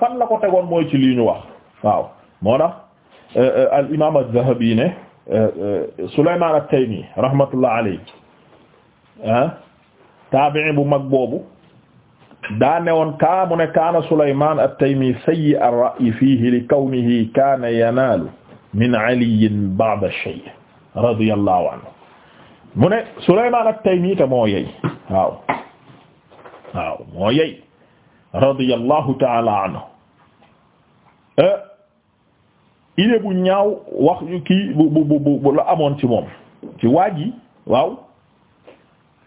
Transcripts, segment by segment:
fan la ko tegoon mooy ci lii ñu wax waaw moo tax euh, euh, al imaam az-Zahabi ne euh, Sulaymaan at-Taymi rahmatullah alayhi ah taabi'i bu mag boobu daa ne woon kaa mu ne kaana Sulaymaan at-Taymi sayyi ar-ra'yi fiihi li kawnihi kaana yanaalu min Aliyyin ba'da ash-shay' radiyallahu anhu mu ne Sulaymaan at-Taymi te moo yey waaw waaw moo yey radiyallahu taala anhu euh, idée bu ñaaw wax yu kii bu bu bu bu la amoon ci moom ci waaj yi waaw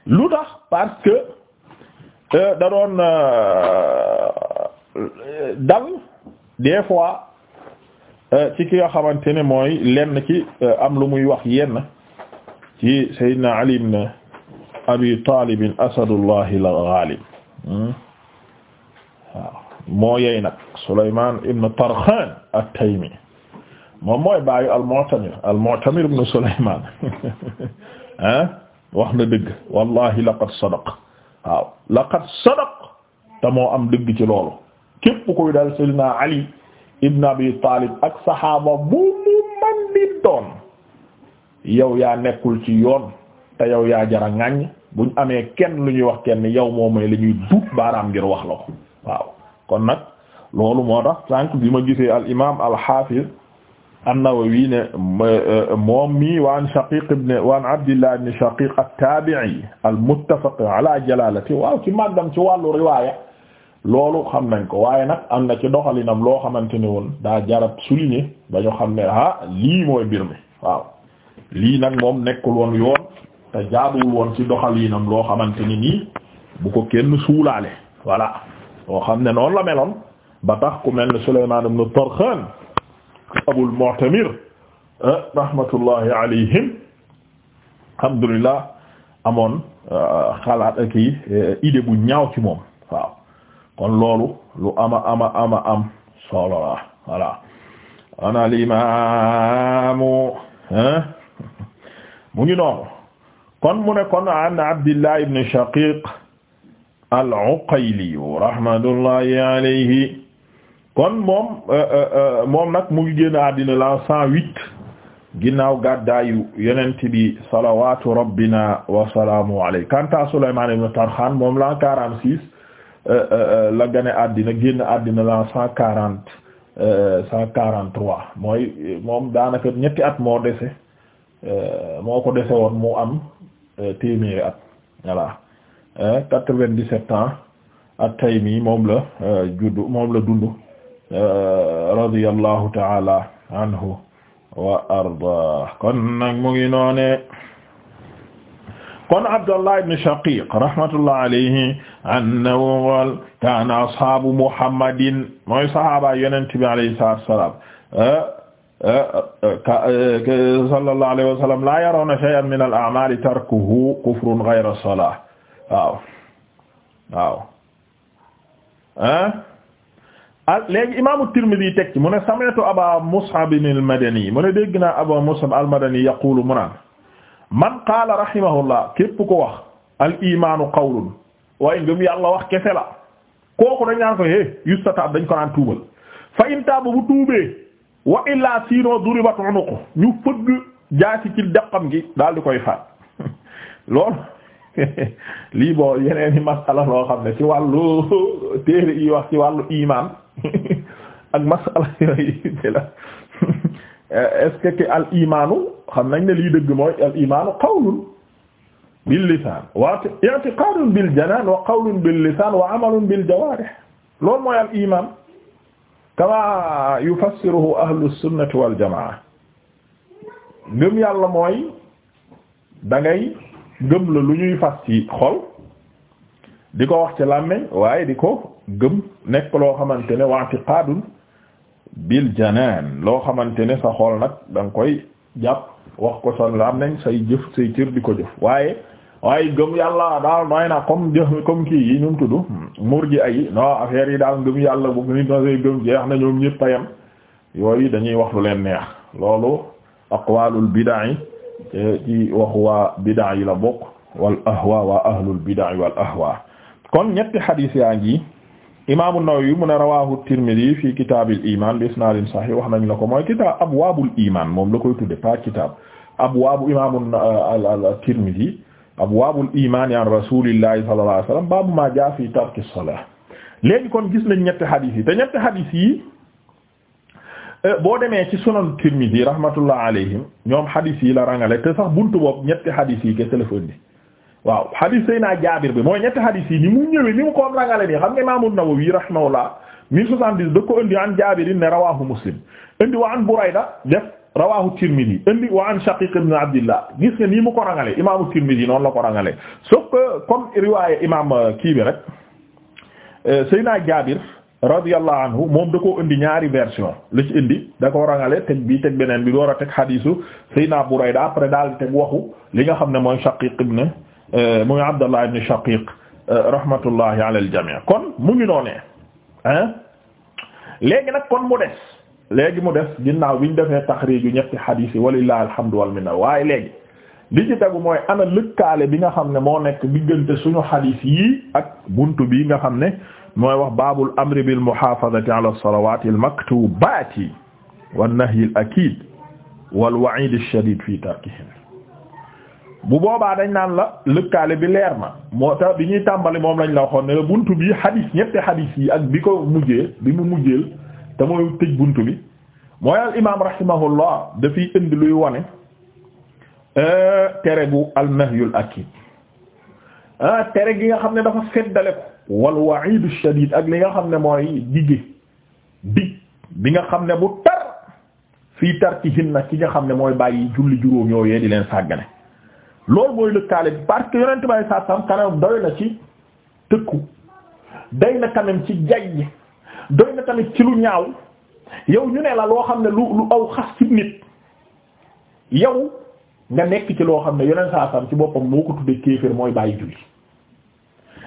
lu tax parce que euh, da doon euh, dal des fois ci ki nga xamante ne mooy lenn ci am lu muy wax yenn ci Seydina Ali ibn Abi Talib asadullahi al-ghalib hmm? waaw moo yey nag Sulaymaan ibn Tarxaan at-Taymi moom mooy baayu al-Mu'tamir al-Mu'tamir ibn Sulaymaan ah wax na dëgg wallahi laqad sadaq waaw laqad sadaq te moo am dëgg ci loolu képp kuy dal Seydina Ali ibn Abi Taalib ak saxaaba bu mu man di doon yow yaa nekkul ci yoon te yow yaa jara ŋàññ buñ amee kenn lu ñuy wax kenn yow moom mooy la ñuy duut baaraam ngir wax la ko waaw kon nag loolu moo tax sànq bi ma gisee al imaam al hafiz an-Nawawi ne euh, moom mi waan Shaqiq ibn waan Abdillah ibn Shaqiq at-Tabi'i al-muttafaq waaw ci màggam ci wàllu riwaaya loolu xam nañ ko waaye nag am na ci doxalinam loo xamante ne woon daa jarab souligner ba ñu xam ne ah lii mooy mbir waaw lii nag moom nekkul woon yoon te jaaduwul woon ci doxalinam loo xamante ni nii bu ko kenn suulaale voilà boo xam ne noonu la meloon ba tax ku mel ne Sulaymaan ibn Tarxaan Abul Mu'tamir eh, rahmatullahi alhamdulillah amoon eh, xalaat ak i eh, idée bu ñaaw ci moom waaw kon loolu lu ama ama am solo la voilà ana limaamu mu ngi noonu kon mu ne kon an Abdillah ibn Shaqiq al-Uqayli rahmatullahi alayhi kon moom euh, euh, euh, moom nag mu ngi génn àddina la cent huit ginnaaw gàddaayu yonent bi salawaatu rabbina wa salaamu alayhi kanta Sulaymaan ibn Tarxaan moom laa quarante six la gane àddina génn àddina la cent quarante cent quarante trois mooy moom daanaka ñetti at moo dese moo ko dese woon mu am téeméeri at voilà Euh, quatre-vingt-dix-sept ans at-Taymi moom la euh, juddu moom la dundu euh, radiyallahu ta'ala anhu wa arda kon nag mu ngi noone kon Abdallah ibn Shaqiq rahmatullah alayhi annahu qaal kaana ashaabu Muhammadin mooy sahaaba yonent bi alayhi salaatu wa salaam sallallahu alayhi wa sallam la yarawna shay'an min al-a'maali tarkuhu kufrun ghayra salaah waaw waaw ah léegi imaamu Tirmidhi teg mu ne sami'tu Aba Mus'ab al-Madani mu ne dégg naa Aba Mus'ab al mu naan man qaala rahimahullah képp ko wax al-iimaanu qawlun waaye ngëm yàlla wax kese la kooku dañ naan ko hé yustataab dañ ko naan tuubal fa in taaba bu tuubee wa illaa siinoo duribat unuqu ñu fëgg jaasi ci deqam gi daal di koy faat loolu lii boo yeneen i masala loo xam ne ci wàllu téere yi wax ci wàllu iimaan ak masala yooyu ci la eh, est-ce al imaanu xam nañ ne lii dëgg mooy al imaanu qawlun bil lisaan wa i'tiqaadun bil janaan wa qawlun bil lisaan wa amalun bil jawaarih loolu mooy al iman kama yufassiruhu ahlu sunnati wal jamaa ngëm yàlla mooy da ngëm la lu ñuy fas ci xol di ko wax ci làmmiñ waaye di ko gëm nekk loo xamante ne wa'tiqaadun bil janaan loo xamante ne sa xol nag da nga koy jàpp wax ko sa làmmiñ say jëf say cër di ko jëf waaye waaye gëm yàlla daal nooy naa comme jëf comme kii yi ñum tudd mur ji ay no affaire yi daal ngëm yàlla bu nit na say gëm jeex na ñoom ñëpp a yem yooyu dañuy wax lu leen neex loolu aqwalul bid'a Eh, ci waxu waa bidaa yi la bokk wal ahwa waa ahlul bidaa wal ahwa kon ñetti xadiis yaa ngi imaamu Nawawi mu ne rawahu Tirmidhi fi kitaabil iman bi isnaadin sahih wax nañ la ko mooy kitaab abwaabul iman moom la koy tudde pas kitaab abwaabu imaamu euh, Tirmidhi abwaabul iman an rasulillahi sallallahu alayhi wasallam baabu ma jaa fi tarki salah léegi kon gis nañ ñetti xadiis yi te ñetti xadiis yi Euh, boo demee ci sunan Tirmidhi rahmatullah alayhim ñoom xadis yi la rangale te sax buntu boobu ñetti xadis yi kese la fa indi waaw xadis Jaabir bi mooy ñetti xadis yi ni mu ñëwee ni mu ko rangale nii xam nga Imaam An-Nawawi rahimahullah 1070 da ko indi an Jaabir ne rawahu Muslim indi wa an Burayda def rawahu Tirmidhi indi wa an Shaqiq ibn Abdillah gis nga nii mu ko rangale Imaamu Tirmidhi noonu la ko rangale so que comme riwaaya Imaam euh, kii bi rek euh, Seydina Jaabir radiyallahu anhu moom da ko indi ñaari version la ci indi da ko rangale teg bii teg beneen bi door a teg xadiisu Seydina Burayda après daal teg waxu li nga xam ne mooy Shaqiq ibn euh, muy Abdallah ibn Shaqiq euh, rahmatullahi ala al-jami' kon mu ngi noone hein léegi nag kon mu des léegi mu des ginnaaw bi ñu defee taxriiju ñetti xadiis yi walillahi alhamdu wal minna waaye léegi li ci tegu mooy ana lëkkaale bi nga xam ne moo nekk diggante suñu xadiis yi ak buntu bi nga xam ne mooy wax baabul amri bil muhaafazati ala salawaati al maktubaati wan nahyi al akiid wal wa'iid al shadiid fi tarkihin bu boobaa dañ naan la lëkkaale bi leer na moo tax bi ñuy tàmbali moom lañ la waxoon ne la buntu bi xadis ñetti xadis yi ak bi ko mujjee bi mu mujjeel te mooy tëj buntu bi mooy al imaam rahimahullah dafiy indi luy wone euh, tere bu al nahyul akiid ah, tere gi nga xam ne dafa feddale ko wal wa'iid ash-shadiid ak li nga xam ne mooy digge dig bi nga xam ne bu tar fii tar ci hinna ki nga xam ne mooy bàyyi julli juróom yooyee di leen sàggane loolu mooy lëkkaale bi parce que yonent bay saa sam kanam doy na ci tëkku doy na kanam ci jajj doy na tamit ci lu ñaaw yow ñu ne la loo xam ne lu lu aw xas ci nit yow nga nekk ci loo xam ne yonent saa sam ci boppam moo ko tudde kéefër mooy bàyyi julli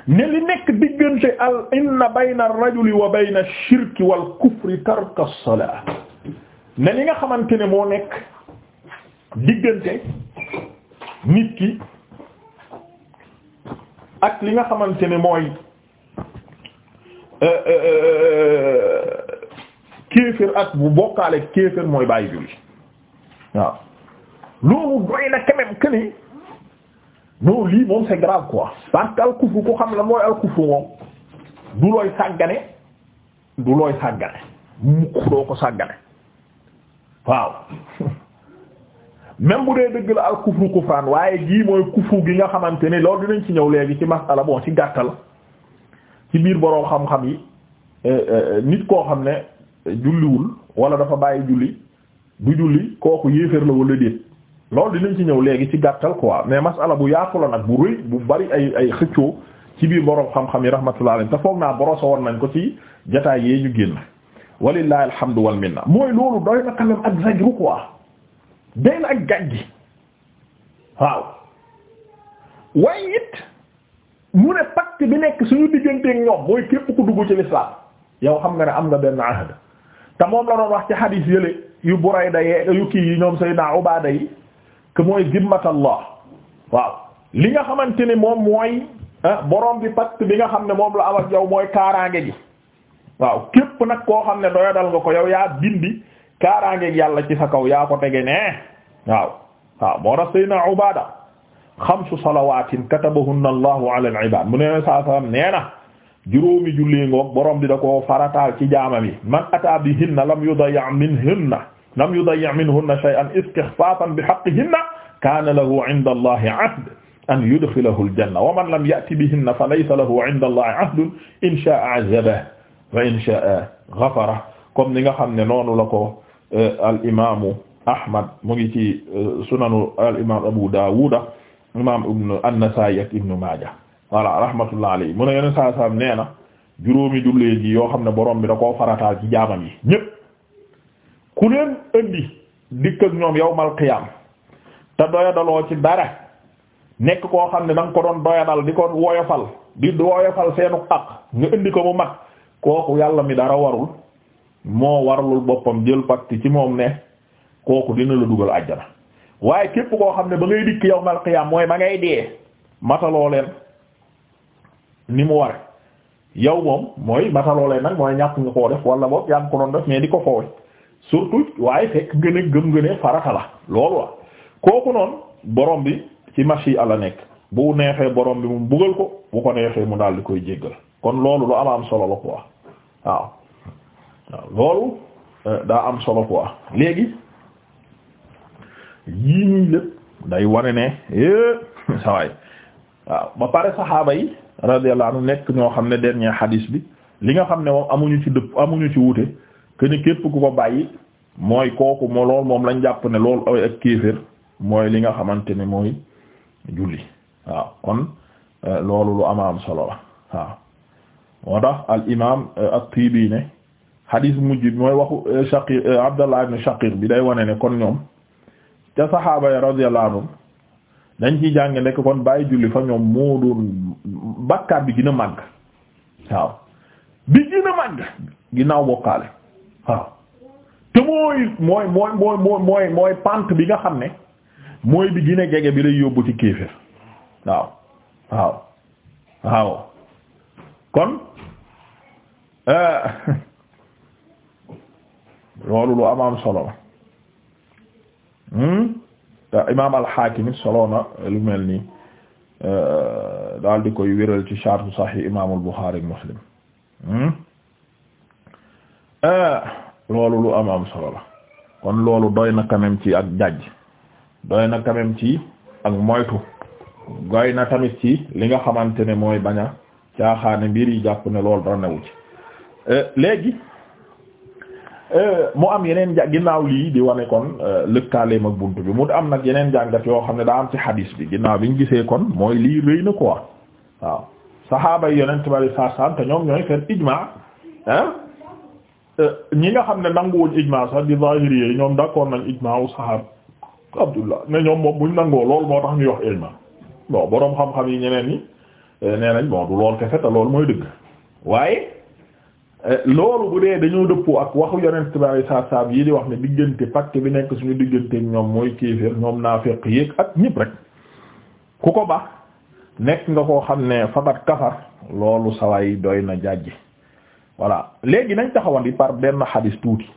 ne li nekk diggante al inna bayna ar-rajuli wa bayna ash-shirki wal kufri tarka as-salaa ne li nga xamante ne moo nekk diggante nit ki ak li nga xamante ne mooy euh, euh, euh, kéefër ak bu bokkaale kéefër mooy bàyyi julli waaw loolu doy na quand même non lii moom c'est grave quoi parce que alkufu ku xam la mooy alkufu moom du looy sàggane du looy sàggane mukk doo ko sàggane waaw même bu dee dëgg la alkufru kufraan waaye gii mooy kufu gi nga xamante ne loolu dinañ ci ñëw léegi ci masala bon ci gàttal ci biir boroom xam-xam yi eh, eh, nit koo xam ne julliwul wala dafa bàyyi julli du julli kooku yéeféer la wala déet loolu dinañ ci ñëw léegi ci gàttal quoi mais masala bu yaatu la nag bu rëy bu bari ay ay xëccoo ci biir boroom xam-xam yi rahmatullah alayhi te foog naa borosa woon nañ ko ci jataay yee ñu génn walillahi alhamdu wal minna mooy loolu doy na quand même ak zajru quoi day na ak gàj gi waaw waaye it mu ne pacte bi nekk suñu digganteek ñoom mooy képp ku dugg ci l'islam yow xam nga ne am nga benn ahd te moom la doon wax ci hadith yële yu Burayda yee yu kii yi ñoom Sayyidina Ubaada yi que mooy zimmatallah waaw li nga xamante ne moom mooy ah, borom bi pacte bi nga xam ne moom la am ak yow mooy kaaraange gi waaw képp nag koo xam ne doyadal nga ko yow yaa bindi kaaraange gi yàlla ci sa kaw yaa ko tege nee waaw waaw moo tax Seydina Ubaada xamsu salawaatin katabahunna Allahu ala al-ibaad mu ne saa salaam nee na juróomi julli borom bi da ko farataal ci jaamam yi man ataa bihinna lam yudayya minhinna lam yudayyi' minhunna shay'an istixfaafan bi haqqihinna kaana lahu 'inda Allahi 'ahd an yudxilahu al-janna wa man lam ya'ti bihinna falaysa lahu 'inda Allahi 'ahdun in shaa'a 'azabahu wa in shaa'a ghafara comme ni nga xam ne noonu la ko euh, al imaamu Ahmad mu ngi ci euh, sunanu al imaam Abu Daawuda imaam ibn an-Nasaa'i ak ibn Maaja voilà rahmatullah alayhi mu ne yeneen saa saam nee na juróomi jullee ji yoo xam ne borom bi da koo farataal ci jaamam yi ñépp ku leen indi dikk ak ñoom yawmal qiyaam te doyadaloo ci dara nekk koo xam ne da ko doon doyadal di ko woyofal di woyofal seenu ak nga indi ko mu mat kooku yàlla mi dara warul moo warlul boppam jël pacte ci moom ne kooku dina la dugal àjjana waaye képp koo xam ne ba ngay dikk yawmal qiyaam mooy ma ngay dee mataloo leen ni mu ware yow moom mooy mataloo leen nag mooy ñàkk ñu koo def wala boog yaa ngi ko doon def mais di ko foowe surtout waaye fekk gën a gëm gën a farata la loolu la kooku noonu borom bi ci machi ala nekk bu neexee borom bi mu bugal ko bu ko neexee mu daal di koy jéggal kon loolu lu am am solo la quoi waaw loolu euh, daa am solo quoi léegi yii nii lépp day wane ne sawaay waaw ba pare saxaaba yi radiyallahu nekk ñoo xam ne dernier hadis bi li nga xam ne moom amuñu ci dëpp amuñu ci wuute ni képp ku ko bàyyi mooy kooku moo lool moom lañ jàpp ne lool ak kéefër mooy li nga xamante ni mooy julli waaw kon euh, loolu lu ama am solo la waaw moo tax al imam euh, at-Tibi ne hadis mujj mooy waxu euh, Shaqir Abdallah ibn Shaqir bi day wone ne kon ñoom ca saxaaba ya radiyallahu anhum dañ ciy jàng nekk kon bàyyi julli fa ñoom moo doon bakkaat bi gën a màgg waaw bi gën a màgg ginnaaw bokkaale waaw te mooy mooy mooy mooy mooy mooy mooy pant bi nga xam ne mooy bi gën a jege bi lay yóbbu ci kéefër waaw waaw waaw kon euh, loolu lu amaam solo la hmm? imaam al-Hakim solo na lu mel nii euh, daal di koy wéral ci sharh Sahih imaamul Bukhari Muslim hmm? Eh, loolu lu am am solo la kon loolu doy na quand ci ak jàjj doy na quand ci ak moytu doy na tamit ci li nga xamante ne mooy bañ a caaxaane mbir yi jàpp ne lool dara newu ci eh, léegi eh, mu am yeneen ja ginnaaw lii di wane kon lëkkaaleem ak bunt bi mu am nag yeneen jàngat yoo xam ne daa am ci hadis bi ginnaaw bi ñu gisee kon mooy lii rëy na quoi waaw saxaaba yi yonent bari saa te ñoom ñooy seen ijmaa Euh, ñi nga xam ne nanguwuñ ijmaa sax di zahiriyya yi ñoom d'accord nañ ijmaa wu sahab abdullah ne ñoom moom buñ nangoo loolu moo tax ñuy wax ijmaa bon boroom xam-xam yi ñeneen yi euh, nee nañ bon du lool kese te loolu mooy dëgg waaye euh, loolu bu dee dañoo dëppoo ak waxu yonent bi saa saab yi di wax ne diggante pacte bi nekk suñu diggante ñoom mooy kéeféer ñoom naafeq yéeg ak ñëpp rek ku ko ba nekk nga koo xam ne fabat kafar loolu sawaay doy na jàjji voilà léegi nañ taxawandi par benn xadis tuuti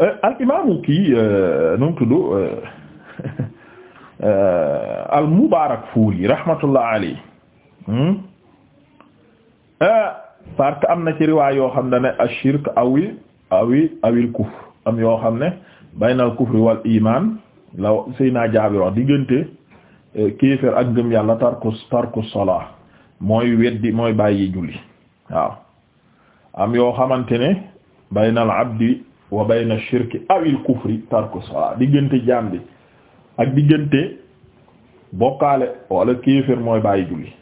euh, al imaamu kii euh, nu mu tudd euh, al mubaarak fuuri rahmatullah alayhi hmm? parce am na ci riwaay yoo xam ne ne ashirk awi awi awil kufr am yoo xam ne baynal kufri wal iman la Seyna Jaabir wax diggante kéefër ak ngëm yàlla tarku tarku salaa mooy weddi mooy bàyyi julli waaw am yoo xamante ne bayna al abdi wa bayna shirki awil kufri tarku salaa diggante jaam bi ak diggante bokkaale wala kéefër mooy bàyyi julli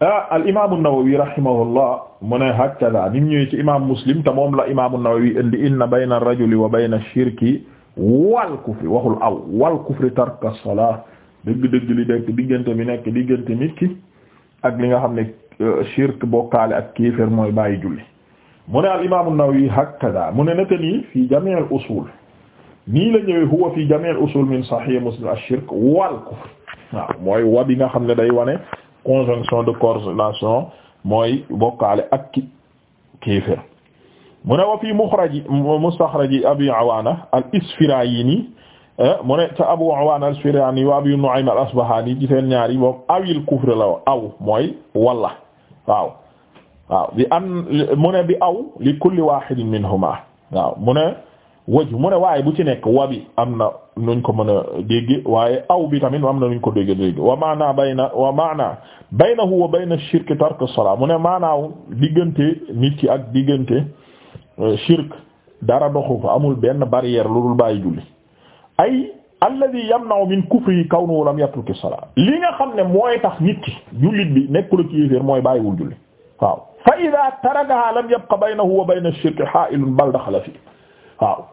ah al a nawawi rahimahullah mu ne hakada ni mu ñëwee ci imam muslim te moom la imaamu nawawi indi inna bayna ar rajuli wa bayna shirki wal kufri waxul aw wal kufri tarku salaa dëgg-dëgg li dekk diggante mi nekk diggante nit ki ak li nga xam ne shirk bokkaale ak kéefër mooy bàyyi julli mu ne al imaamu Nawawi mu ne naka fi jamii al usul nii la ñëwee huwa fi jamii al usul min sahih muslim ash-shirk wal kufr waaw mooy wa bi nga xam ne day wane conjonction de corrélation mooy bokkaale ak ki kéefër mu ne wa fi muxraji mustaxraji abi awaana al isfirayini eh, mu abu awaana al isfirayini wa abi nu'aym al asbahani ci seen ñaari moom awil kufr la aw mooy walla waaw waaw bi am mu ne bi aw li kulli wahidin minhuma waaw mu ne waj mu ne waaye bu ci nekk wabi am na nuñ ko mën a dégg waaye aw bi tamit am na nuñ ko dégg dégg wa maana bayna wa maana baynahu wa bayna shirk tark as-salaa mu ne maanaaw diggante nit ki ak diggante euh, shirk dara doxu fa amul benn barrière lu dul bàyyi julli ay alladhi yamna'u min kufri kawnu lam yatruki salaa li nga xam ne mooy tax nit ki jullit bi nekkul ci yéeféer mooy bàyyiwul julli waaw fa idha tarakaha lam yabqa baynahu wa bayna ash-shirki ha'ilun bal daxala fi waaw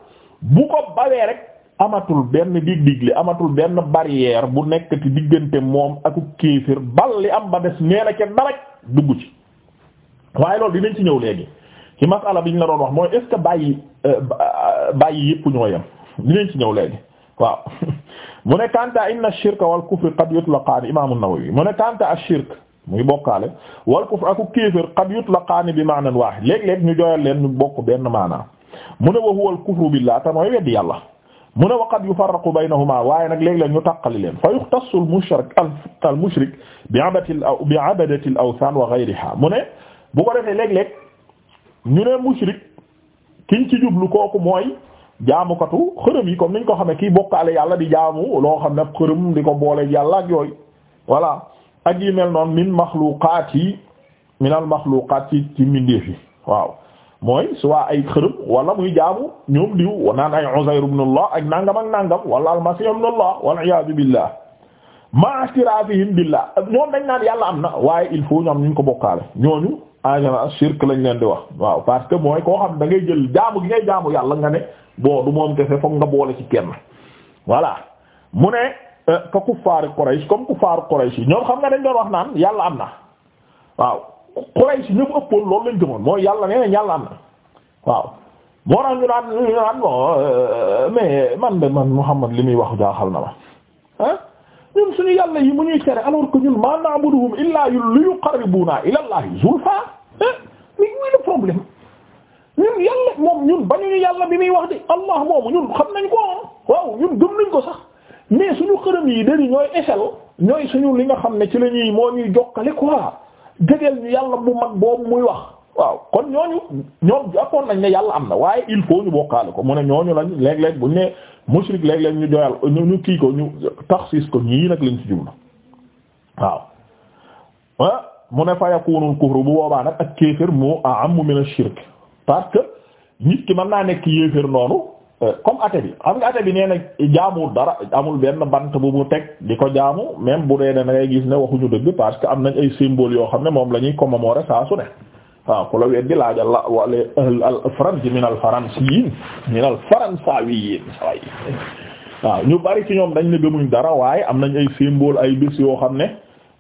bu ko bawee rek amatul benn dig-digle amatul benn barrière bu nekk ci diggante moom ak kéeféer bal li am ba des nee na ca daraj dugg ci waaye loolu dinañ ci ñëw léegi ci masala bi ñu la doon wax mooy est bàyyi euh, bàyyi yépp ñoo yem dinañ ci ñëw léegi waaw mu ne kanta inna shirka wal kufr qad yutlaqaani imaam an-Nawawi mu ne kanta ash-shirk muy bokkaale wal kufr aku kéefér qad yutlaqaani bi maanan waahid léeg-léeg ñu jooyal leen ñu bokk benn maanaa mu ne wa huwa al-kufru billah te mooy weddi yàlla mu ne wa qad yufarraqu baynahuma waaye nag léeg-léeg ñu tàqali leen fa yuxtassu al-mushrik al-mushrik bi abadati bi abadati al-awthaan wa ghayriha mu ne bu ko defee léeg-léeg ñu ne mushrik kiñ ci jublu kooku mooy jaamukatu xërëm yi comme niñ ko xamee kii bokkaale yàlla di jaamu loo xam ne xërëm di ko boole yàlla ak yooy voilà ak yi mel noonu min maxluqaat yi minal maxluqaat yi ci mbindeef yi waaw mooy soit ay xërëm wala muy jaamu ñoom diw naan ay Uzayr ibn Allah ak nangam ak nangam wala al-Masih ibn Allah wal iyaadu billah ma'tirafihim billah ñoom dañ naan yàlla am na waaye il faut ñoom ñu ko bokkaale ñooñu en général shirk lañ leen di wax waaw parce que mooy koo xam da ngay jël jaamu gi ngay yàlla nga ne bon du moom kese fokk nga boole ci kenn voilà mu ne euh, ka kuffaaru Quraysh comme kuffaaru Quraysh ñoom xam nga dañ doon wax naan yàlla am na waaw Quraysh ñëpp ëppoon loolu lañ gëmoon mooy yàlla nee nañ yàlla am na waaw moo tax ñu naan ñu naan bon euh, mais man de man Muhammad li muy wax jaaxal na ma ah ñun suñu yàlla yi mu ñuy tere alors que ñun ma na'buduhum illaa li yuqarribuna ila Allahi zulfa mais où est le problème ñun yàlla moom ñun bañuñu yàlla bi muy wax di allah moomu ñun xam nañ ko waaw ñun gëm nañ ko sax mais suñu xërëm yi dañu ñooy échelle ñooy suñu li nga xam ne ci la ñuy moo ñuy jokkale quoi dégeel ñu yàlla bu mag boobu muy wax waaw kon ñooñu ñoo jàppoon nañ ne yàlla am na waaye il faut ñu bokkaale ko mu ne ñu lañ léeg-léeg buñ ne mushrik léeg-léeg ñu doyal ñu kii ko ñu tax taxsis ko ñii nag lañ ci jublu waaw ah mu ne fa yakunul kufru bu boobaa nag ak kéefër mu a'ammu min parce que nit ki mën naa nekk yéeféer noonu euh, comme ate bi am nga ate bi nee na jaamuwul dara amul benn bant bu mu teg di ko jaamu même bu dee ne da ngay gis ne waxuñu dëgg parce que am nañ ay symbole yoo xam ne moom la ñuy commémorer saa su ne la weddi laaj la wala al faransi min al faransiyin ñu bari ci ñoom dañ ne gëmuñ dara waaye am nañ ay symbole ay bés yoo xam ne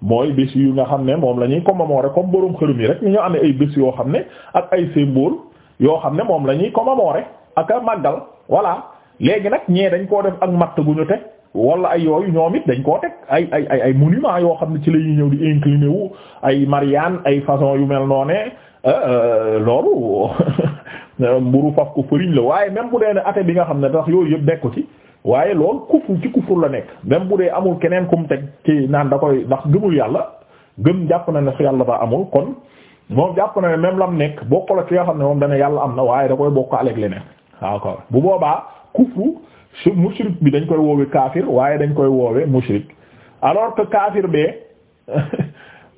mooy bés yu nga xam ne moom la ñuy commémorer comme borom xërëm yi rek ñu amee ay bés yoo xam ne ak ay symbole yoo xam ne moom la ñuy commémorer ak a màggal voilà léegi nag ñee dañ koo def ak matt gu ñu teg wala ay yooyu ñoom it dañ koo teg ay ay ay ay monument yoo xam ne ci lañuy ñëw di incliné wu ay Marianne ay façon yu mel noonu ne euh, euh, loolu mburu faf ko fëriñ la waaye même bu dee ne até bi nga xam ne tax yooyu yëpp nekku ci waaye loolu kufu ci kufur la nekk même bu dee amul keneen kum teg ci naan da koy ndax gëmul yàlla gëm jàpp na ne su yàlla ba amul kon moom jàpp na ne la lam nekk bokkul ak ki nga xam ne moom dana yàlla am na waaye da koy bokkaale ak leneen waaw ko bu boobaa kufru su mushrik bi dañ koy woowe kaafir waaye dañ koy woowe mushrik alors que kaafir bee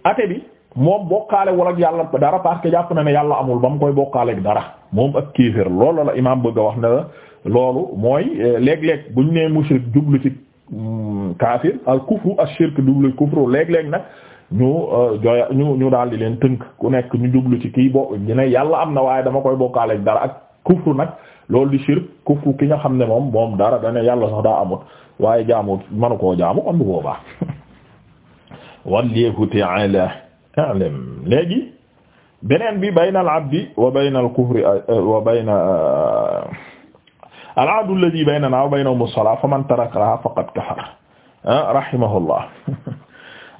ate bi moom bokkaale wala ak yàlla dara parce que jàpp na ne yàlla amul ba mu koy bokkaale ak dara moom ak kéeféer loolu la imaam bëgg a wax na loolu mooy eh, léeg-léeg bu ñu mushrik jublu ci mm, kaafir al kufru al shirk jublu kufru léeg-léeg nag ñu euh, joya ñu ñu daal di leen tënk ku nekk ñu jublu ci kii bo ñu yàlla am na waaye dama koy bokkaaleeg dara ak kufru nag loolu di shirk kufru ki nga xam ne moom moom dara dane yàlla sax daa amut waaye jaamu manu koo jaamu kon bu boobaa wallahu ta'ala a'lam léegi beneen bi bayna al abdi wa bayna al kufri euh, wa bayna euh, al abdu alladhi baynana wa baynahum as-salah faman tarakaha faqad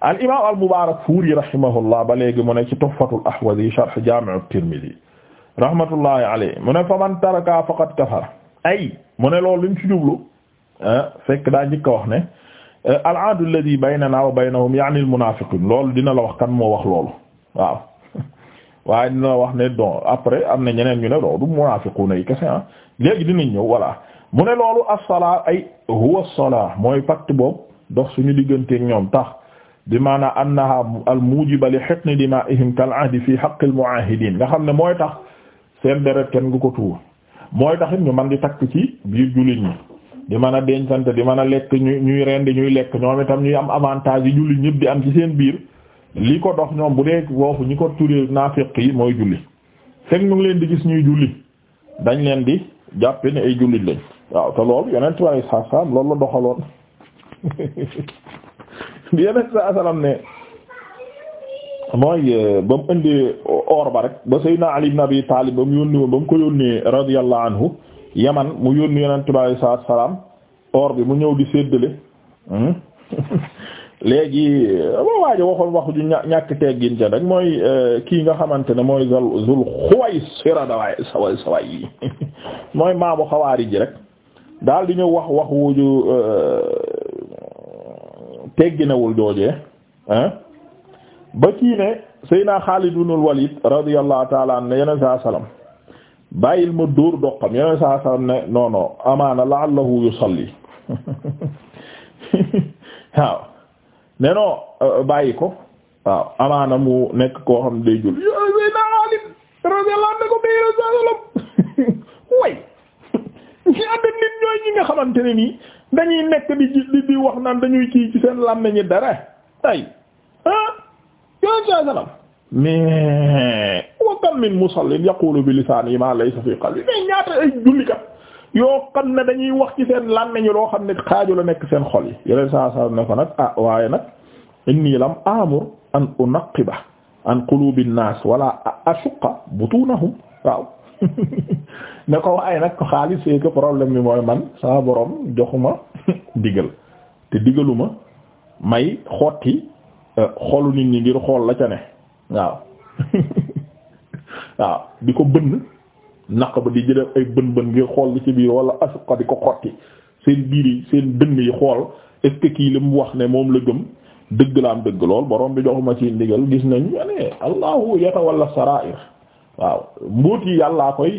al imaam al mubaarak fuuri rahimahullah ba léegi mu ne ci tuhfatul ahwazi sharh jaami' at-tirmidhi rahmatullahi alayhi mu ne fa man taraka faqad kafara ay mu ne loolu liñ ci jublu ah, fekk daa njëkk a wax ne eh, al-ahdu alladhi baynana wa baynahum ya'ni al-munaafiqun loolu dina la wax kan moo wax loolu waaw waaye dina la wax ne don après am na ñeneen ñu ne loolu munaafiquna yi kese ah léegi dinañ ñëw voilà mu ne loolu as-salaa ay huwa as-salaa mooy pacte boobu dox suñu digganteeg ñoom tax. di a maana annaha al mujiba li hitni dima'ihim kal ahdi fi haqqi al mu'ahidin nga xam ne mooy tax seen deret kenn du ko tuur mooy taxit ñu man di takk ci biir jullit ñi di mën a dencante di man a lekk ñu ñuy rendi ñuy lekk ñoom itam ñuy am avantage yi jullit ñëpp di am ci seen biir li ko dox ñoom bu dee foofu ñi ko turee naafiq yi mooy julli fekk ñu leen di gis ñuy julli dañ leen di jàppe ne ay jullit lañ waaw te loolu yeneen tubaab yi sax loolu la doxaloon. bi yeneen sa asalam ne mooy euh, ba mu indi or ba rek ba Seydina Ali ibn Abi Talib ba mu yónni woon ba mu ko yónnee radiyallahu anhu yaman mu yónni yonent bi alayhi salaatu salaam or bi mu ñëw di séddale hmm? léegi euh, boo waajo waxoon mooy euh, kii nga xamante ne mooy zul maamu xawaari ji rek daal di ñëw wax wax wuju tegginawul joojee ah ba kii ne Seydina Xaalid ibn Walid radiyallahu taala an yeneen saa salaam bàyyil ma dóor doqam yeneen saa salaam ne non non amaana la'allahu yusalli waaw ne euh, bàyyi ko waaw amaana mu nekk koo xam ne day jul yooyu Seydina Xaalid radiyallahu anhu ko béy yeneen saa salaam way ñi ànd nit ñooy ñi nga xamante nii. dañuy nekk di di di wax naan dañuy kii ci seen làmmiñi dara tay ah yoon saa salaam mais wa kam min musallin yaqulu bi lisaanihi ma laysa fi qalbi yoo xam ne dañuy wax ci seen làmmiñi loo xam ne xaaju la nekk seen xol yi yeneen saa salaam ne ko nag a ah, waaye nag inni lam amur an unaqiba an qulubi an-nas wala ashuqqa butunahum waaw ne ko waaye nag xaalis c'est que problème bi mooy man sama borom joxuma digal te digaluma may xotti euh, xoolu nit ñi ngir xool la ca ne waaw waaw di ko bënn naq ba di jëlee ay bën bën ngir xool li ci biir wala asuka di ko xotti seen biir yi seen dënn yi xool est kii li mu wax ne moom la gëm dëgg la am dëgg lool borom bi joxuma ci ndigal gis nañ ne allahu yatawalla sarair waaw mbuut yi yàllaa koy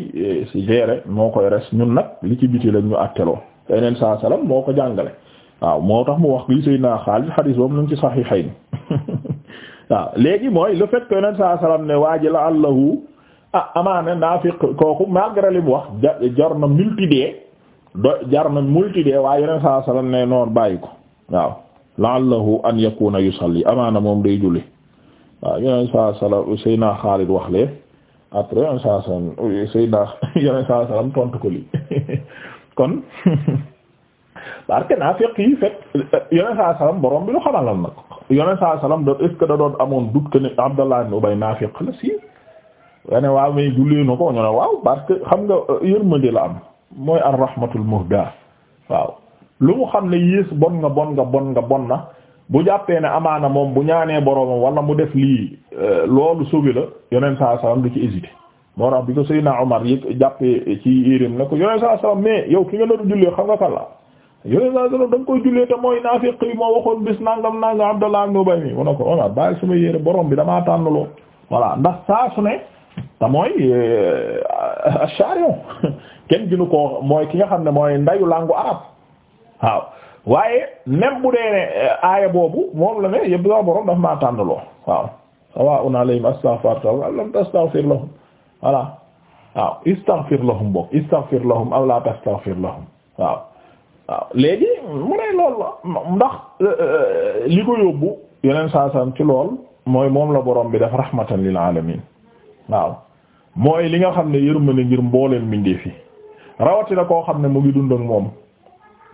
ci e, gérer moo koy res ñun nag li ci biti lañ ñu àtteloo yeneen saa salaam moo ko jàngale waaw moo tax mu wax li Seydina Xaalid xadiis boobu nañ ci Saxiixayn waaw léegi mooy le fait que yeneen saa salaam ne waa ji la allahu ah amaana naafiq kooku malgré li wax ja na multidee do jar na multidee waaye yeneen saa salaam ne noor bàyyi ko waaw la allahu an yakuna yusalli amaana moom day julli waaw yeneen saa salaam Seydina Xaalid wax lee après yonen saa sallam Seydina yonen saa sallam tontu ko li kon parce que naa fekk yi fekk yonen saa sallam bi lu xamalal nag yonen saa sallam doon est-ce que da doon amoon doute que la si waaw ko ñu ne waaw parce que xam nga euh, yërmande la am mooy ar rahmatul waaw lu mu xam ne yées bon nga bon nga bon nga bon na bu jàppee ne amaana moom bu ñaanee boroomam wala mu def lii euh, loolu sobi la yonent saa salaam du ci hésité moo tax bi ko Seydina Omar yi jàppee ci yéreem ne ko yonent saa salaam mais yow ki nga doon jullee xam nga kan la yonent saa salaam da koy jullee te mooy naafiq yi moo waxoon bis nangam am Abdallah ibn Ubay mi mu ne ko Omar oh, bàyyi sama yére borom bi damaa tànn loo voilà ndax saa su ne te mooy charion euh, kenn ginu ko mooy ki nga xam ne mooy ndayu langue waaye même bu dee ne euh, aaya boobu moom la ne yëpp daa borom daf maa tànnaloo waaw voilà waaw istaghfir lahum bokk am la tastaghfir waaw waaw léegi mu ne loolu ndax euh, euh, li ko yóbbu yeneen saasam ci lool mooy moom la borom bi def rahmatan lil alamin waaw mooy li nga xam ne yërmande ngir mbooleen mbindeef yi rawatina koo xam ne mu ngi dund ak moom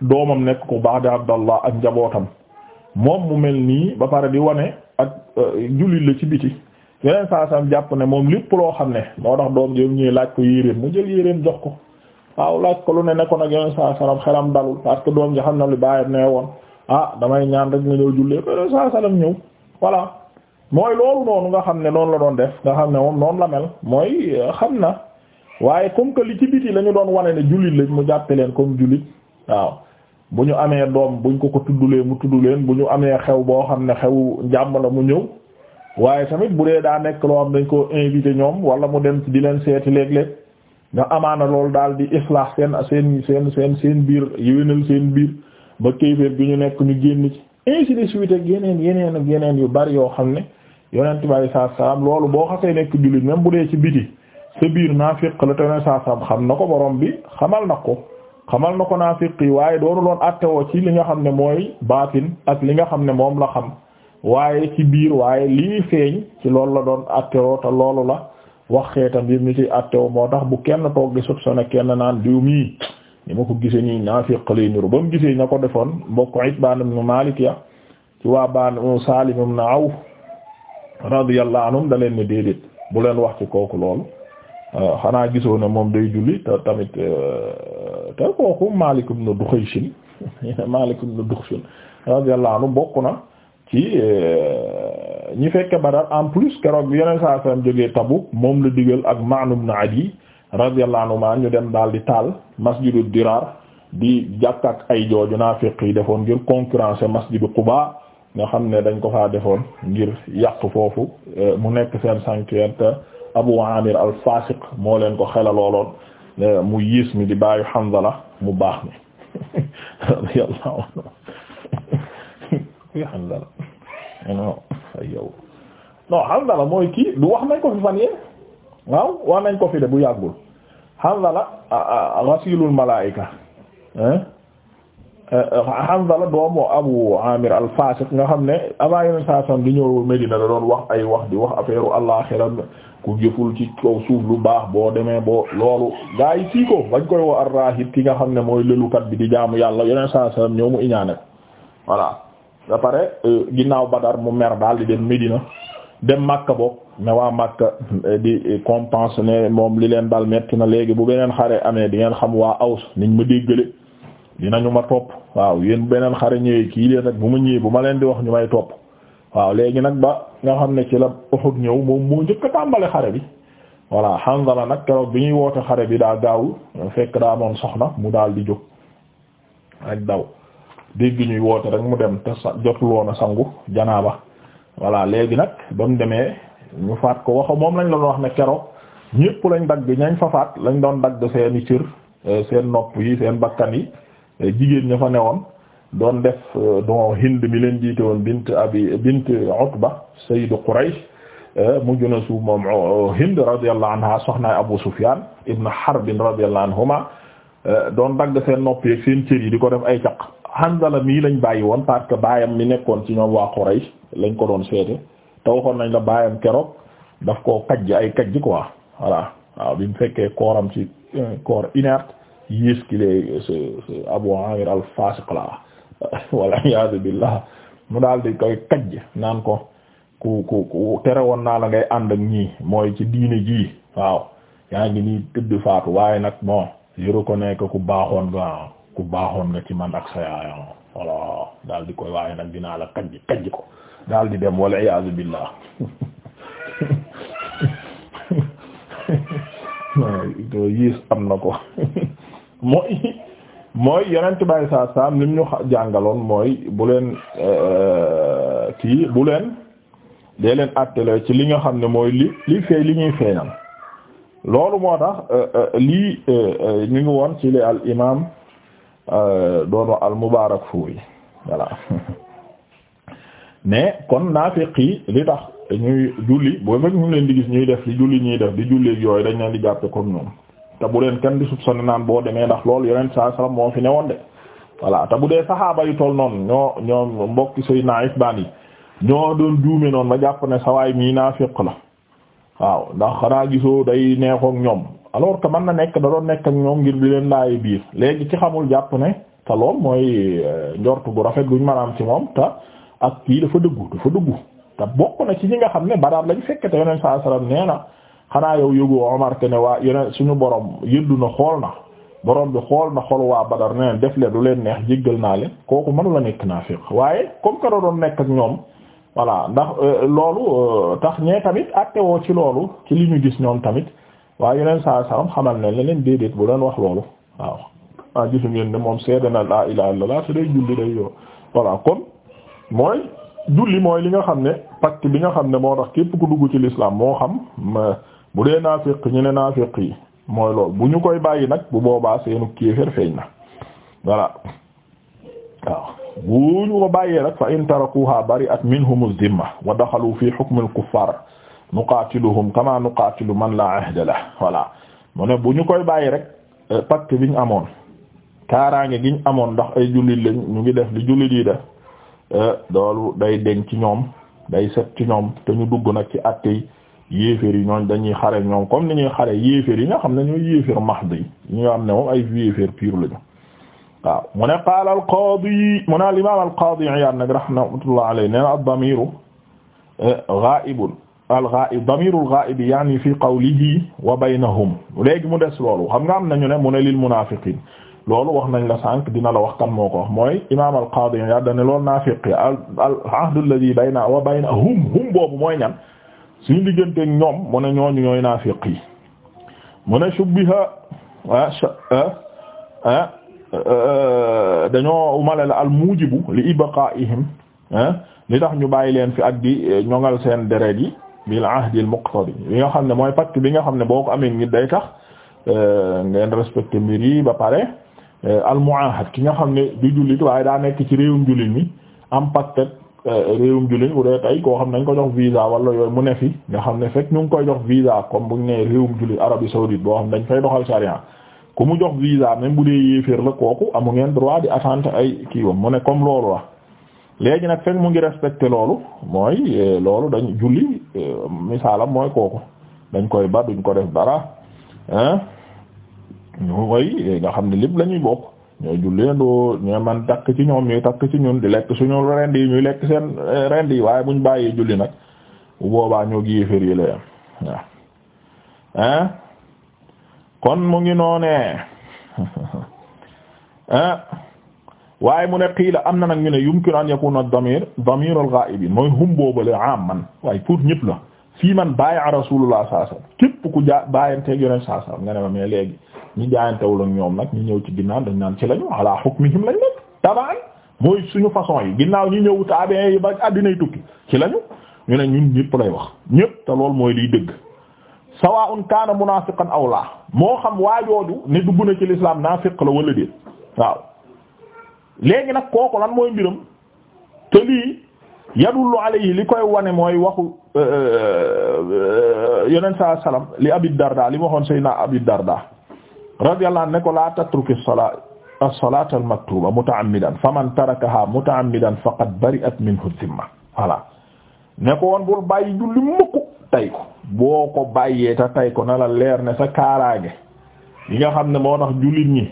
doomam nekk ku baax di Abdallah ak njabootam moom mu mel nii ba pare di wane ak euh, jullit la ci biti yeneen saa jàpp ne moom lépp loo xam ne moo tax doom jëm ñuy laaj ko yéreem mu jël yéreem jox ko waaw laaj ko lu ne nekkoon ak yeneen saa salam xelam dalul parce que doom ji xam na lu bàyyam nee woon ah damay ñaan rek nga ñëw jullee ko yeneen saa salam ñëw voilà mooy loolu noonu nga xam ne noonu la doon def nga xam ne moom noonu la mel mooy euh, xam na waaye comme que li ci biti doon wane ne jullit lañ mu jàppe leen comme jullit waaw bu ñu amee doom buñ ko ko tuddulee mu tudd leen bu ñu amee xew boo xam ne xew njàmm la mu ñëw waaye tamit bu dee daa nekk loo am dañ ko invité ñoom wala mu dem di leen seeti léeg-léeg nga amaana loolu daal di islah seen seen seen seen seen biir yéwénal seen biir ba kéyféer bi ñu nekk ñu génn ci ainsi de suite ak yeneen yeneen ak yeneen yu bari yoo xam ne yonent bi sallallahu alayhi wasallam loolu boo xasee nekk jullit même bu dee ci biti sa biir naa féq la te yonent sallallahu alayhi wasallam xam na ko borom bi xamal na ko xamal na ko naafiq yi waaye doonuloon attewoo ci li nga xam ne mooy baatin ak li nga xam ne moom la xam waaye ci biir waaye lii feeñ ci loolu la doon attewoo te loolu la wax xeetam yi ñu ci attewoo moo tax bu kenn toog di soupçonner kenn naan diw mii ni ma ko gisee nii naafiq lay niru ba mu gisee ña ko defoon mbokk Itbaan ibn Maalik ya ci waa Banu Saalim na Awf radiyallahu anhum da leen ne déedéet bu leen wax ci kooku loolu Euh, xanaa gisoo ne moom day julli te tamit euh, te kooku Maalik ibn malikum Maalik ibn Duxayshin radiyallahu anhu bokk na ci euh, ñi fekke Badar en plus keroog bi yeneen saa saam jógee Tabuk moom la digal ak Ma'n ibn Adi radiyallahu anhuma ñu dem daal di taal masjidu Diraar di jàkk ak ay jooju naafiq yi defoon ngir concurrencer masjidu Quba nga xam ne dañ ko faa defoon ngir yàq foofu mu nekk seen sanctuaire Abu Amir al-Fasiq moo leen ko xelalooloon mu yiis mi di baayu Hanzala mu baax mi radiyallahu anhu kuy Hanzala non mooy kii du wax nañ ko fi fan yee waaw wax nañ ko fi de bu yàggul Hanzala ghasilul malaa'ika Hanzala doomu Abu Amir al-Fasiq nga xam ne avant yeneen saa son ñëw Medina da doon wax ay wax di wax affaire u àllaxira ku jëful ci kaw suuf lu baax boo demee boo loolu gaa yi sii ko bañ koy woo arrahib ki nga xam ne mooy lëlukat bi di jaamu yàlla yeneen saa salaam ñëw mu iñaane ko voilà da pare euh, ginnaaw Badar mu mer daal di dem Medina dem Makka bokk ne waa Makka euh, di euh, compense ne moom li leen dal metti na léegi bu beneen xare amee di ngeen xam waa Aws niñ ma déggale ñu ma topp waaw yéen beneen xare ñëwee kii leen rek bu ma ñëwee bu ma leen di wax ñu may topp waaw léegi nag ba nga xam ne ci la Uhud ñëw moom moo njëkk a xare bi voilà Hanzala nag keroog bi ñuy woote xare bi daa gaaw fekk daa amoon soxna mu daal di jóg rek daw dégg ñuy woote rek mu dem te sa jotul woon a sangu janaaba voilà léegi nag ba mu demee ñu faat ko waxa moom lañ doon wax ne keroog ñépp lañ dagg ñañ fa faat lañ doon dagg seeni cër seen nopp yi seen bakkan yi jigéen ña fa newoon doon def euh, don Hind mi leen jiite woon bint abi bint Utba sayyidu Quraysh euh, mujj na suuf moom euh, Hind radiyallahu anha soxnaay Abu Sufyan ibn Harb radiyallahu anhuma doon dagg seen noppi ak seen cër yi di ko def ay caq Hanzala mii lañ bàyyi woon parce que baayam mi nekkoon ci ñoom waa Quraysh lañ ko doon seete te waxoon nañ la baayam keroog daf koo kajj ay kajj quoi voilà waaw bi mu fekkee kooram ci corps inerte yées ki lee Abu Amir al-Fasiq la walla iyaadu billah mu daal di koy kajj naan ko ku ku ku tere naa la ngay ànd ak ñii mooy ci diine jii waaw yaa ngi nii tëdd faatu waaye nag bon je reconnais que ku baaxoon nga ku baaxoon nga ci man ak sa yaayam voilà daal di koy waaye nag dinaa la kajj kajj ko daal di dem walla iyaadu billah yées am na ko mooy mooy yeneen tubaab saa saam lim ñu jàngaloon mooy bu leen euh, kii bu leen dee leen attelé ci li nga xam ne mooy li lii feeñ li ñuy feeñal loolu moo tax euh, euh, lii ñu ngi woon ci li al imaam doon wax al mubaarak fuuy voilà mais kon naafiq kii li tax ñuy julli boo fekk ñu leen di gis ñuy def li julli ñuy def di julli yooyu dañ leen di jàppe comme ñoom. te bu leen kenn di soupçonné naan boo demee ndax loolu yonent saa salaam moo fi newoon de voilà te bu dee saxaaba yu toll noonu ñoo ñoom mbokki Seydina Itbaan yi ñoo doon juume noonu ba jàpp ne sawaay mii naafiq la waaw ndax xanaa gisoo day neexook ñoom alors te mën na nekk da doon nekk ak ñoom ngir di leen laayi biir léegi ci xamul jàpp ne te lool mooy euh, njort bu rafet guñ mën ci moom te ak kii dafa dëggu dafa dëggu te bokk na ci ñi nga xam ne Badar lañ fekk te nee na xanaa yow yëgu Omar te ne waa yeneen suñu borom yëddu na xool na borom bi xool na xol waa Badar ne leen def leen lu leen neex jéggal naa leen kooku mënu la nekk naafiq waaye comme que doon nekk ak ñoom voilà ndax euh, loolu euh, tax ñee tamit woo ci loolu ci li ñu gis ñoom tamit waaye yeneen saa saam xamal ne leen déedéet bu doon wax loolu waaw. ah gisu ngeen ne moom seede na laa ilaaha illallaah te day julli day yoo voilà kon mooy julli mooy li nga xam ne pacte bi nga xam ne moo tax képp ku dugg ci l'islam moo xam. bu dee naafiq ñu ne naafiq yi mooy lool bu ñu koy bàyyi nag bu boobaa seenu kéefër feeñ na voilà waaw bu ñu ko bàyyee rek fa in bari at minhum az-zimma wa daxalu fi hukm al-kuffar nuqaatiluhum kama nuqaatilu man la ahda la ne bu ñu koy bàyyi rek euh, pacte bi ñu amoon kaaraange gi amoon ndax ay jullit lañ ñu ngi def li jullit yi def doolu euh, day deñ ci ñoom day set ci ñoom te ñu dugg nag ci àtte yi yéeféer yi ñooñ dañuy xare ñoom comme ni ñuy xare yéeféer yi nga xam ne ñooy yéeféer mahd yi ñu nga xam ne moom ay yéeféer pur lañu waaw mu ne qaala al qaadi mu ne al imaam al qaadi Iyaad nag rahmatullah alayhi nee na ad damiru eh, ghaibun al ghaib damiru al ghaib yaani fi qawlihi wa baynahum léegi mu des loolu xam nga am nañu ne mu ne lil munaafiqiin lool wax nañ la sànq dina la wax kan moo ko mooy imaam al qaadi Iyaad ne loolu naafiq al ahdu alladhi bayna wa hum boobu mooy ñan suñu digganteeg ñoom mu ne ñooñu ñooy naafiq yi mu ne shubbiha ah, ah, ah, ah dañoo umale la al mujibu li ibqa'ihim li tax ñu bàyyi leen fi ak di eh, ñoŋal seen deret yi bil ahdi al muqtadi li nga xam ne mooy pack bi nga xam ne boo ko amee nit day tax eh, ngeen respecté mbir yi ba pare eh, al mu'ahad ki nga xam ne du jullit waaye daa nekk ci réewum jullit mi am pacte Euh, réewum jullit bu dee koo xam nañ ko jox visa wala yooyu mu ne fi nga xam ne fekk ñu ngi koy jox visa comme buñ nee réewum jullit Arabie saoudite boo xam dañ fay doxal sharia ku mu jox visa même bu dee yéeféer la kooku amu ngeen droit di attente ay kii wam mu ne comme loolu la léegi nag fekk mu ngi respecté loolu mooy euh, loolu dañ julli euh, misaalam mooy kooku dañ koy ba ko def bara ñu koy nga xam ne lépp la ñuy bokk ñooy julleendoo ñoo man takk ci ñoom ñuy takk ci ñun di lekk suñu rend yi ñuy lekk seen eh, rend yi waaye buñ bàyyee julli nag bu boobaa ñoo giyéefér yi la yam kon mu ngi noone hein waaye mu ne qiila am na nag ñu ne yumkinu an yakuna damir damirul ghaibin mooy hum boobale am man waaye pour ñëpp la fii man bàyyi a rasulullah saa sallam ku jaa bàyyanteeg yoneen saa nga ne ma mais léegi ñi jaayantewul ak ñoom nag ñu ñëw ci ginnaaw dañ naan ci lañu ala hukmihim lañ nekk tabaan mooy suñu façon yi ginnaaw ñu ñëw taabee yi ba addinay tukki ci lañu ñu ne ñun ñëpp lay wax ñëpp te loolu mooy liy dëgg sawaa'un kaana munaafiqan aw laa moo xam waajooju ne dugg na ci lislaam naafiq la wala déet waaw léegi nag kooku lan mooy mbiram te lii yadullu li koy wane mooy waxu Euh, euh, yonent saa li Abi Darda li ma waxoon Seydina Abi Darda radiyallahu anhu ne ko la tatruki as-salaat as-salaat al-maktuba muta'ammidan faman tarakaha muta'ammidan faqad bari'at minhu dhimma voilà ne ko woon bul bàyyi julli mukk tay ko boo ko bàyyee te tay ko na leer ne sa kaaraange yi nga xam ne moo tax jullit ñi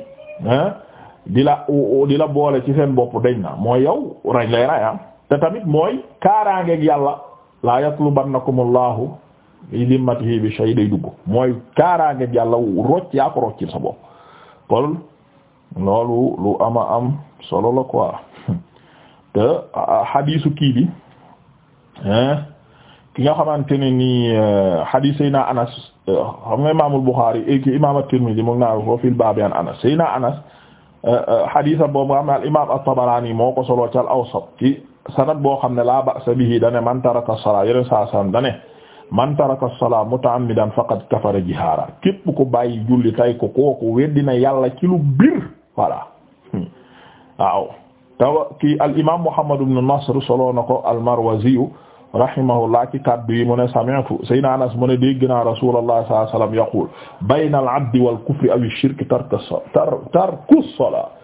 di boole ci seen bopp dañ na mooy yow rañ lay raya ah. te tamit mooy kaaraangeeg yàlla laa yatlubannakumullahu bi dimmatihi bi shay day dugg mooy kaaraange yàlla rocc yaa ko roccil sa bopp kon loolu lu ama am solo la quoi te xadiisu kii bi ki nga xamante ne nii euh, xadiis Seydina Anas euh, xam nga imaamul Buxaari eh, ki imaam at-Tirmidhi mu ngi naan ko baabi an Anas Seydina Anas euh, xadiisam boobu nga al tabarani moo solo ci al-Awsat sanad boo xam ne laa ba'sa bihi dane man taraka salaa yeneen saa san dane man taraka salaa muta'ammidan faqad kafara jihaara képp ku bàyyi julli tay ko kooku weddina yàlla ci lu bir voilà waaw tawa kii al imaam Muhammad ibn Nasr solo na ko al Marwazi rahimahullah ci kaddu yi mu ne sami'tu Seydina Anas mu ne dégg naa Rasulullah sallallahu alayhi wasallam yaqul bayna al abdi wal kufri aw ash-shirki tarku as-salaa